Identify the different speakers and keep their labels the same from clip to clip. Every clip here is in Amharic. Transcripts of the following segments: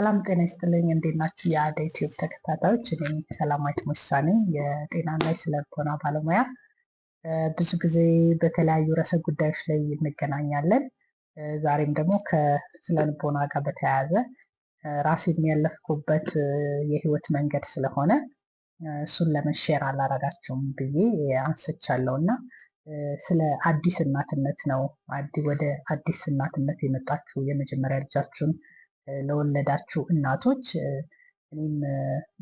Speaker 1: ሰላም ጤና ይስጥልኝ። እንዴት ናችሁ? የአደ ዩቲዩብ ተከታታዮች እኔ ሰላማዊት ሙሳ ነኝ፣ የጤናና የስነ ልቦና ባለሙያ። ብዙ ጊዜ በተለያዩ ርዕሰ ጉዳዮች ላይ እንገናኛለን። ዛሬም ደግሞ ከስነ ልቦና ጋር በተያያዘ ራሴ የሚያለፍኩበት የህይወት መንገድ ስለሆነ እሱን ለመሼር አላረጋቸውም ብዬ አንስቻለሁ እና ስለ አዲስ እናትነት ነው። ወደ አዲስ እናትነት የመጣችሁ የመጀመሪያ ልጃችሁን ለወለዳችሁ እናቶች እኔም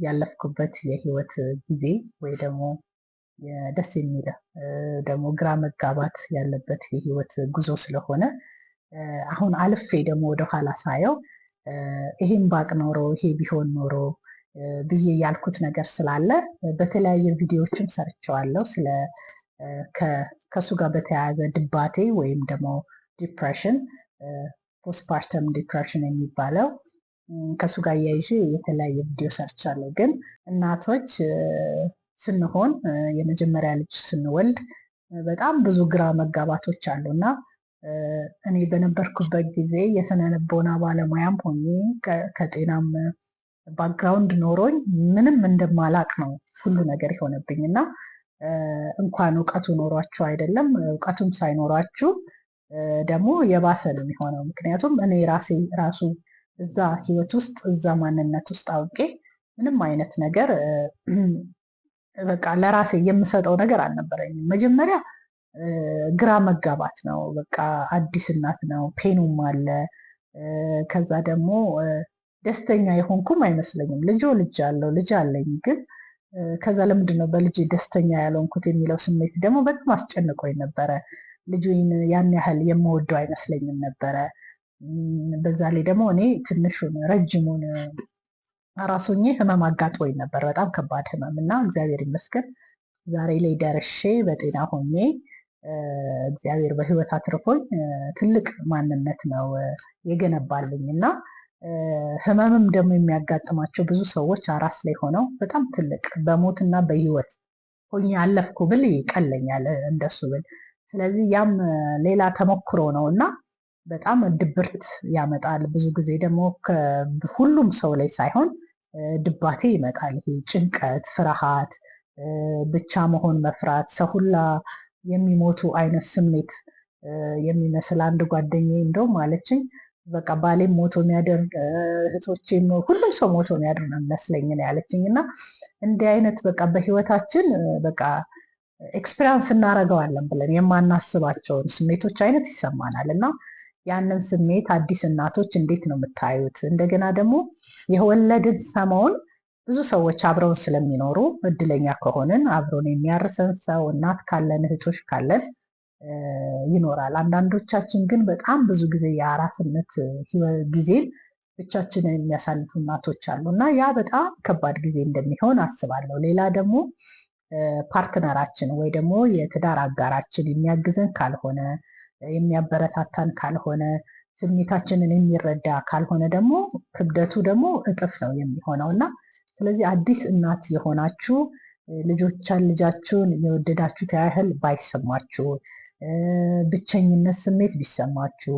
Speaker 1: ያለፍኩበት የህይወት ጊዜ ወይ ደግሞ ደስ የሚል ደግሞ ግራ መጋባት ያለበት የህይወት ጉዞ ስለሆነ አሁን አልፌ ደግሞ ወደኋላ ሳየው ይሄም ባቅ ኖሮ ይሄ ቢሆን ኖሮ ብዬ ያልኩት ነገር ስላለ በተለያየ ቪዲዮዎችም ሰርቸዋለው ስለ ከሱ ጋር በተያያዘ ድባቴ ወይም ደግሞ ዲፕሬሽን ፖስትፓርተም ዲፕሬሽን የሚባለው ከእሱ ጋር እያይዤ የተለያየ ቪዲዮ ሰርቻለሁ። ግን እናቶች ስንሆን የመጀመሪያ ልጅ ስንወልድ በጣም ብዙ ግራ መጋባቶች አሉ እና እኔ በነበርኩበት ጊዜ የስነ ልቦና ባለሙያም ሆኜ ከጤናም ባክግራውንድ ኖሮኝ ምንም እንደማላቅ ነው ሁሉ ነገር የሆነብኝ እና እንኳን እውቀቱ ኖሯችሁ አይደለም እውቀቱም ሳይኖራችሁ ደግሞ የባሰ ነው የሚሆነው። ምክንያቱም እኔ ራሴ ራሱ እዛ ህይወት ውስጥ እዛ ማንነት ውስጥ አውቄ ምንም አይነት ነገር በቃ ለራሴ የምሰጠው ነገር አልነበረኝም። መጀመሪያ ግራ መጋባት ነው። በቃ አዲስ እናት ነው፣ ፔኑም አለ። ከዛ ደግሞ ደስተኛ የሆንኩም አይመስለኝም። ልጆ ልጅ አለው ልጅ አለኝ ግን ከዛ ለምንድን በልጅ ደስተኛ ያልሆንኩት የሚለው ስሜት ደግሞ በጣም አስጨንቆኝ ነበረ። ልጁን ያን ያህል የምወደው አይመስለኝም ነበረ። በዛ ላይ ደግሞ እኔ ትንሹን ረጅሙን ራሱኝ ህመም አጋጥሞኝ ነበር፣ በጣም ከባድ ህመም እና እግዚአብሔር ይመስገን ዛሬ ላይ ደርሼ በጤና ሆኜ እግዚአብሔር በህይወት አትርፎኝ ትልቅ ማንነት ነው የገነባልኝ እና ህመምም ደግሞ የሚያጋጥማቸው ብዙ ሰዎች አራስ ላይ ሆነው በጣም ትልቅ በሞትና በህይወት ሆኜ አለፍኩ ብል ይቀለኛል እንደሱ ብል ስለዚህ ያም ሌላ ተሞክሮ ነው እና በጣም ድብርት ያመጣል። ብዙ ጊዜ ደግሞ ሁሉም ሰው ላይ ሳይሆን ድባቴ ይመጣል። ይሄ ጭንቀት፣ ፍርሃት፣ ብቻ መሆን መፍራት፣ ሰው ሁላ የሚሞቱ አይነት ስሜት የሚመስል አንድ ጓደኛ እንደው ማለችኝ በቃ ባሌም ሞቶ የሚያደርግ እህቶቼም ሁሉም ሰው ሞቶ የሚያደርግ ነው የሚመስለኝ ያለችኝ እና እንዲህ አይነት በቃ በህይወታችን በቃ ኤክስፔሪንስ እናደርገዋለን ብለን የማናስባቸውን ስሜቶች አይነት ይሰማናል እና ያንን ስሜት አዲስ እናቶች እንዴት ነው የምታዩት? እንደገና ደግሞ የወለድን ሰሞን ብዙ ሰዎች አብረውን ስለሚኖሩ እድለኛ ከሆንን አብሮን የሚያርሰን ሰው እናት ካለን እህቶች ካለን ይኖራል። አንዳንዶቻችን ግን በጣም ብዙ ጊዜ የአራስነት ጊዜን ብቻችንን የሚያሳልፉ እናቶች አሉ እና ያ በጣም ከባድ ጊዜ እንደሚሆን አስባለሁ። ሌላ ደግሞ ፓርትነራችን ወይ ደግሞ የትዳር አጋራችን የሚያግዘን ካልሆነ የሚያበረታታን ካልሆነ ስሜታችንን የሚረዳ ካልሆነ ደግሞ ክብደቱ ደግሞ እጥፍ ነው የሚሆነው እና ስለዚህ አዲስ እናት የሆናችሁ ልጆቻን ልጃችሁን የወደዳችሁት ያህል ባይሰማችሁ፣ ብቸኝነት ስሜት ቢሰማችሁ፣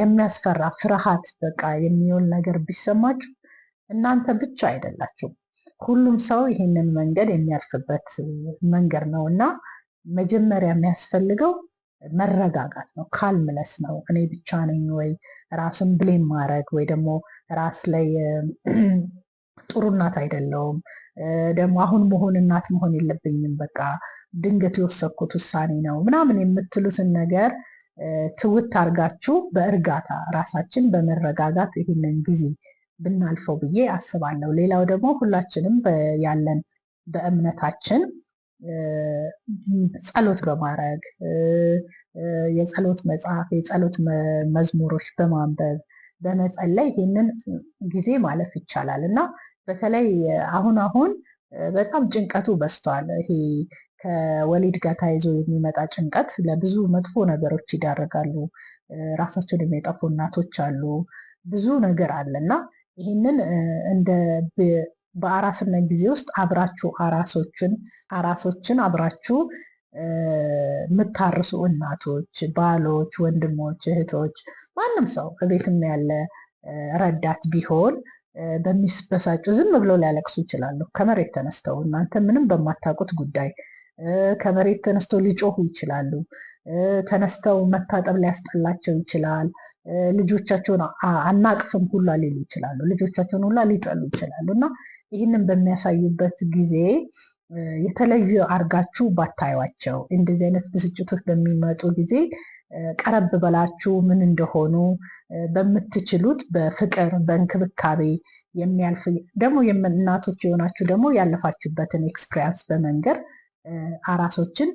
Speaker 1: የሚያስፈራ ፍርሃት፣ በቃ የሚውል ነገር ቢሰማችሁ እናንተ ብቻ አይደላችሁም። ሁሉም ሰው ይሄንን መንገድ የሚያልፍበት መንገድ ነው እና መጀመሪያ የሚያስፈልገው መረጋጋት ነው። ካልምለስ ነው። እኔ ብቻ ነኝ ወይ ራስን ብሌም ማድረግ ወይ ደግሞ ራስ ላይ ጥሩ እናት አይደለውም፣ ደግሞ አሁን መሆን እናት መሆን የለብኝም፣ በቃ ድንገት የወሰኩት ውሳኔ ነው ምናምን የምትሉትን ነገር ትውት አድርጋችሁ በእርጋታ ራሳችን በመረጋጋት ይህንን ጊዜ ብናልፈው ብዬ አስባለሁ። ሌላው ደግሞ ሁላችንም ያለን በእምነታችን ጸሎት በማድረግ የጸሎት መጽሐፍ፣ የጸሎት መዝሙሮች በማንበብ በመጸለይ ይህንን ጊዜ ማለፍ ይቻላል እና በተለይ አሁን አሁን በጣም ጭንቀቱ በስቷል ይሄ ከወሊድ ጋር ተያይዞ የሚመጣ ጭንቀት ለብዙ መጥፎ ነገሮች ይዳረጋሉ። ራሳቸውን የሚጠፉ እናቶች አሉ። ብዙ ነገር አለ እና ይህንን እንደ በአራስነት ጊዜ ውስጥ አብራችሁ አራሶችን አራሶችን አብራችሁ የምታርሱ እናቶች፣ ባሎች፣ ወንድሞች፣ እህቶች ማንም ሰው ከቤትም ያለ ረዳት ቢሆን በሚስበሳጩ ዝም ብለው ሊያለቅሱ ይችላሉ። ከመሬት ተነስተው እናንተ ምንም በማታውቁት ጉዳይ ከመሬት ተነስተው ሊጮሁ ይችላሉ። ተነስተው መታጠብ ሊያስጠላቸው ይችላል። ልጆቻቸውን አናቅፍም ሁላ ሊሉ ይችላሉ። ልጆቻቸውን ሁላ ሊጠሉ ይችላሉ። እና ይህንን በሚያሳዩበት ጊዜ የተለዩ አርጋችሁ ባታዩቸው፣ እንደዚህ አይነት ብስጭቶች በሚመጡ ጊዜ ቀረብ በላችሁ ምን እንደሆኑ በምትችሉት በፍቅር በእንክብካቤ የሚያልፍ ደግሞ እናቶች የሆናችሁ ደግሞ ያለፋችሁበትን ኤክስፒሪያንስ በመንገር አራሶችን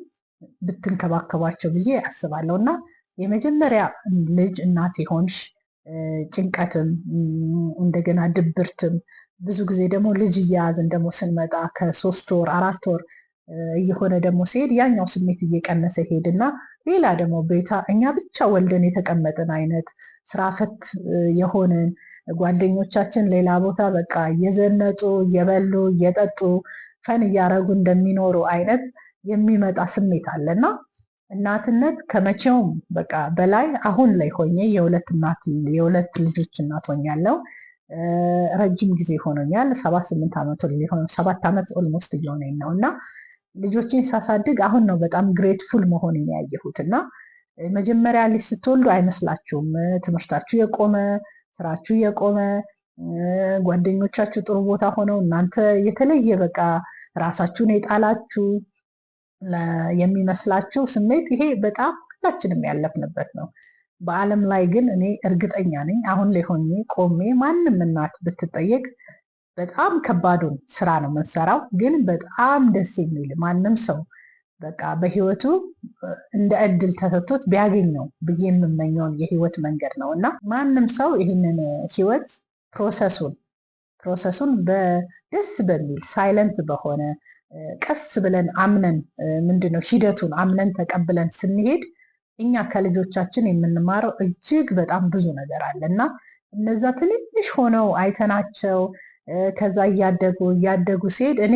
Speaker 1: ብትንከባከቧቸው ብዬ አስባለሁ እና የመጀመሪያ ልጅ እናት የሆንሽ ጭንቀትም እንደገና ድብርትም ብዙ ጊዜ ደግሞ ልጅ እያያዝን ደግሞ ስንመጣ ከሶስት ወር አራት ወር እየሆነ ደግሞ ሲሄድ ያኛው ስሜት እየቀነሰ ይሄድና ሌላ ደግሞ ቤታ እኛ ብቻ ወልደን የተቀመጥን አይነት ስራ ፈት የሆንን ጓደኞቻችን ሌላ ቦታ በቃ እየዘነጡ እየበሉ እየጠጡ ፈን እያደረጉ እንደሚኖሩ አይነት የሚመጣ ስሜት አለና እናትነት ከመቼውም በቃ በላይ አሁን ላይ ሆኜ የሁለት እናት የሁለት ልጆች እናት ሆኛለሁ። ረጅም ጊዜ ሆኖኛል። ሰባት ስምንት ዓመት ሰባት ዓመት ኦልሞስት እየሆነኝ ነው እና ልጆችን ሳሳድግ አሁን ነው በጣም ግሬትፉል መሆን ያየሁት እና መጀመሪያ ልጅ ስትወልዱ አይመስላችሁም። ትምህርታችሁ የቆመ ስራችሁ የቆመ ጓደኞቻችሁ ጥሩ ቦታ ሆነው እናንተ የተለየ በቃ ራሳችሁን የጣላችሁ የሚመስላችሁ ስሜት ይሄ በጣም ሁላችንም ያለፍንበት ነው። በዓለም ላይ ግን እኔ እርግጠኛ ነኝ አሁን ላይ ሆኜ ቆሜ ማንም እናት ብትጠየቅ በጣም ከባዱን ስራ ነው የምንሰራው፣ ግን በጣም ደስ የሚል ማንም ሰው በቃ በህይወቱ እንደ እድል ተሰጥቶት ቢያገኘው ብዬ የምመኘውን የህይወት መንገድ ነው እና ማንም ሰው ይህንን ህይወት ፕሮሰሱን ፕሮሰሱን በደስ በሚል ሳይለንት በሆነ ቀስ ብለን አምነን ምንድነው ሂደቱን አምነን ተቀብለን ስንሄድ እኛ ከልጆቻችን የምንማረው እጅግ በጣም ብዙ ነገር አለ እና እነዛ ትንንሽ ሆነው አይተናቸው ከዛ እያደጉ እያደጉ ሲሄድ እኔ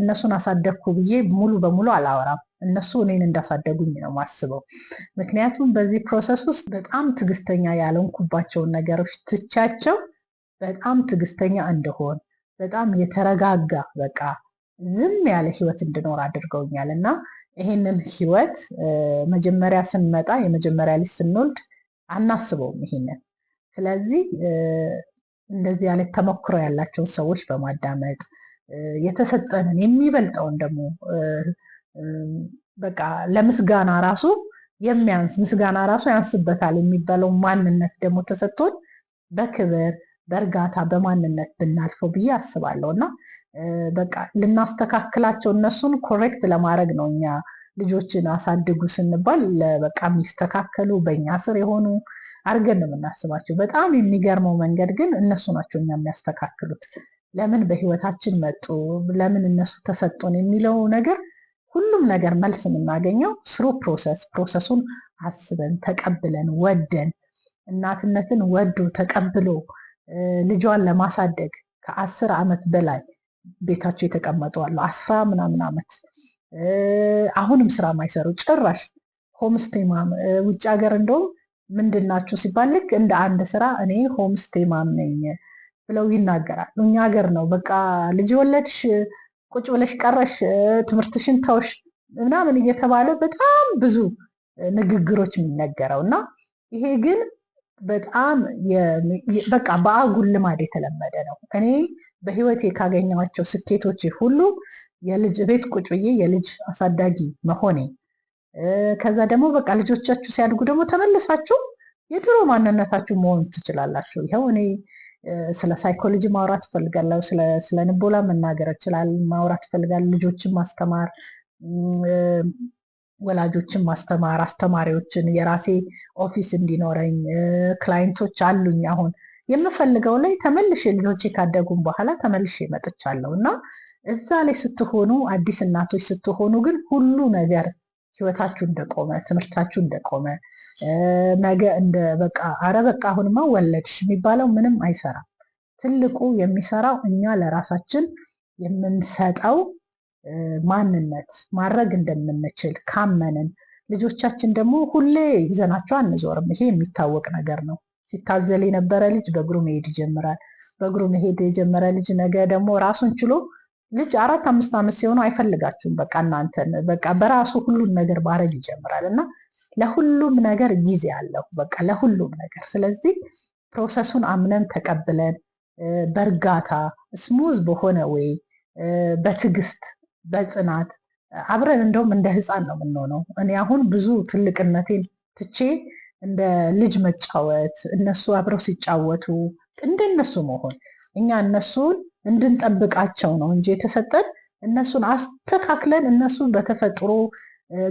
Speaker 1: እነሱን አሳደግኩ ብዬ ሙሉ በሙሉ አላወራም። እነሱ እኔን እንዳሳደጉኝ ነው ማስበው። ምክንያቱም በዚህ ፕሮሰስ ውስጥ በጣም ትግስተኛ ያለንኩባቸውን ነገሮች ትቻቸው በጣም ትዕግስተኛ እንደሆን በጣም የተረጋጋ በቃ ዝም ያለ ህይወት እንድኖር አድርገውኛል እና ይሄንን ህይወት መጀመሪያ ስንመጣ የመጀመሪያ ልጅ ስንወልድ አናስበውም ይሄንን። ስለዚህ እንደዚህ አይነት ተሞክሮ ያላቸውን ሰዎች በማዳመጥ የተሰጠንን የሚበልጠውን ደግሞ በቃ ለምስጋና ራሱ የሚያንስ ምስጋና ራሱ ያንስበታል የሚባለው ማንነት ደግሞ ተሰጥቶን በክብር በእርጋታ በማንነት ብናልፈው ብዬ አስባለሁ እና በቃ ልናስተካክላቸው እነሱን ኮሬክት ለማድረግ ነው እኛ ልጆችን አሳድጉ ስንባል በቃ የሚስተካከሉ በእኛ ስር የሆኑ አድርገን ነው የምናስባቸው። በጣም የሚገርመው መንገድ ግን እነሱ ናቸው እኛ የሚያስተካክሉት። ለምን በህይወታችን መጡ፣ ለምን እነሱ ተሰጡን የሚለው ነገር ሁሉም ነገር መልስ የምናገኘው ስሩ ፕሮሰስ ፕሮሰሱን አስበን ተቀብለን ወደን እናትነትን ወዶ ተቀብሎ ልጇን ለማሳደግ ከአስር ዓመት በላይ ቤታቸው የተቀመጡ አሉ። አስራ ምናምን ዓመት አሁንም ስራ ማይሰሩ ጭራሽ ሆምስቴ ማም ውጭ ሀገር እንደውም ምንድናቸው ናችሁ ሲባል ልክ እንደ አንድ ስራ እኔ ሆምስቴ ማም ነኝ ብለው ይናገራሉ። እኛ ሀገር ነው በቃ ልጅ ወለድሽ ቁጭ ብለሽ ቀረሽ ትምህርትሽን ተውሽ ምናምን እየተባለ በጣም ብዙ ንግግሮች የሚነገረው እና ይሄ ግን በጣም በቃ በአጉል ልማድ የተለመደ ነው። እኔ በህይወቴ ካገኘኋቸው ስኬቶች ሁሉ የልጅ ቤት ቁጭ ብዬ የልጅ አሳዳጊ መሆኔ፣ ከዛ ደግሞ በቃ ልጆቻችሁ ሲያድጉ ደግሞ ተመልሳችሁ የድሮ ማንነታችሁ መሆን ትችላላችሁ። ይኸው እኔ ስለ ሳይኮሎጂ ማውራት እፈልጋለሁ። ስለ ንቦላ መናገር እችላለሁ፣ ማውራት እፈልጋለሁ። ልጆችን ማስተማር ወላጆችን ማስተማር፣ አስተማሪዎችን፣ የራሴ ኦፊስ እንዲኖረኝ ክላይንቶች አሉኝ። አሁን የምፈልገው ላይ ተመልሼ ልጆቼ ካደጉም በኋላ ተመልሼ መጥቻለሁ እና እዛ ላይ ስትሆኑ አዲስ እናቶች ስትሆኑ ግን ሁሉ ነገር ህይወታችሁ እንደቆመ፣ ትምህርታችሁ እንደቆመ ነገ እንደ በቃ አረ በቃ አሁንማ ወለድሽ የሚባለው ምንም አይሰራም። ትልቁ የሚሰራው እኛ ለራሳችን የምንሰጠው ማንነት ማድረግ እንደምንችል ካመንን ልጆቻችን ደግሞ ሁሌ ይዘናቸው አንዞርም። ይሄ የሚታወቅ ነገር ነው። ሲታዘል የነበረ ልጅ በእግሩ መሄድ ይጀምራል። በእግሩ መሄድ የጀመረ ልጅ ነገ ደግሞ ራሱን ችሎ ልጅ አራት አምስት ዓመት ሲሆኑ አይፈልጋችሁም። በቃ እናንተን በቃ በራሱ ሁሉን ነገር ማድረግ ይጀምራል እና ለሁሉም ነገር ጊዜ አለው። በቃ ለሁሉም ነገር። ስለዚህ ፕሮሰሱን አምነን ተቀብለን በእርጋታ ስሙዝ በሆነ ወይ በትዕግስት በጽናት አብረን እንደውም እንደ ህፃን ነው የምንሆነው። እኔ አሁን ብዙ ትልቅነቴን ትቼ እንደ ልጅ መጫወት፣ እነሱ አብረው ሲጫወቱ እንደነሱ መሆን፣ እኛ እነሱን እንድንጠብቃቸው ነው እንጂ የተሰጠን እነሱን አስተካክለን እነሱ በተፈጥሮ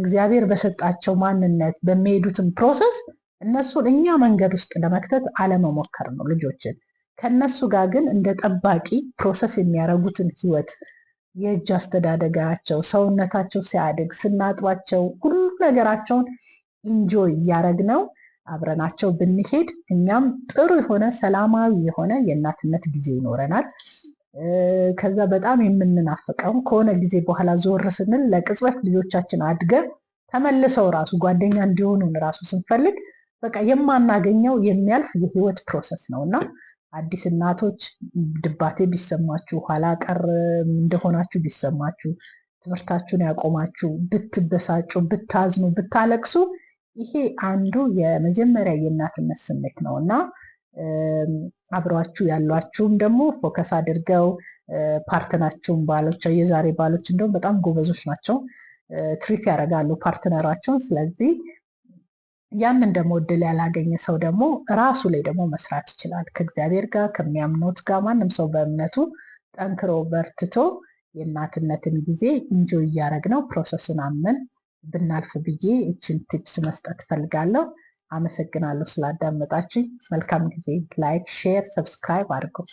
Speaker 1: እግዚአብሔር በሰጣቸው ማንነት በሚሄዱትን ፕሮሰስ እነሱን እኛ መንገድ ውስጥ ለመክተት አለመሞከር ነው ልጆችን ከነሱ ጋር ግን እንደ ጠባቂ ፕሮሰስ የሚያደርጉትን ህይወት የእጅ አስተዳደጋቸው፣ ሰውነታቸው ሲያድግ ስናጥባቸው፣ ሁሉ ነገራቸውን ኢንጆይ እያደረግ ነው አብረናቸው ብንሄድ እኛም ጥሩ የሆነ ሰላማዊ የሆነ የእናትነት ጊዜ ይኖረናል። ከዛ በጣም የምንናፍቀው ከሆነ ጊዜ በኋላ ዞር ስንል ለቅጽበት ልጆቻችን አድገን ተመልሰው ራሱ ጓደኛ እንዲሆኑን ራሱ ስንፈልግ በቃ የማናገኘው የሚያልፍ የህይወት ፕሮሰስ ነው እና አዲስ እናቶች ድባቴ ቢሰማችሁ፣ ኋላ ቀር እንደሆናችሁ ቢሰማችሁ፣ ትምህርታችሁን ያቆማችሁ፣ ብትበሳጩ፣ ብታዝኑ፣ ብታለቅሱ ይሄ አንዱ የመጀመሪያ የእናትነት ስሜት ነው እና አብሯችሁ ያሏችሁም ደግሞ ፎከስ አድርገው ፓርትናችሁን ባሎች የዛሬ ባሎች እንደውም በጣም ጎበዞች ናቸው፣ ትሪት ያደርጋሉ ፓርትነራቸውን። ስለዚህ ያንን ደግሞ እድል ያላገኘ ሰው ደግሞ ራሱ ላይ ደግሞ መስራት ይችላል። ከእግዚአብሔር ጋር ከሚያምኑት ጋር ማንም ሰው በእምነቱ ጠንክሮ በርትቶ የእናትነትን ጊዜ እንጆ እያደረግ ነው ፕሮሰሱን አምን ብናልፍ ብዬ እችን ቲፕስ መስጠት ፈልጋለሁ። አመሰግናለሁ ስላዳመጣችኝ። መልካም ጊዜ። ላይክ፣ ሼር፣ ሰብስክራይብ አድርገው።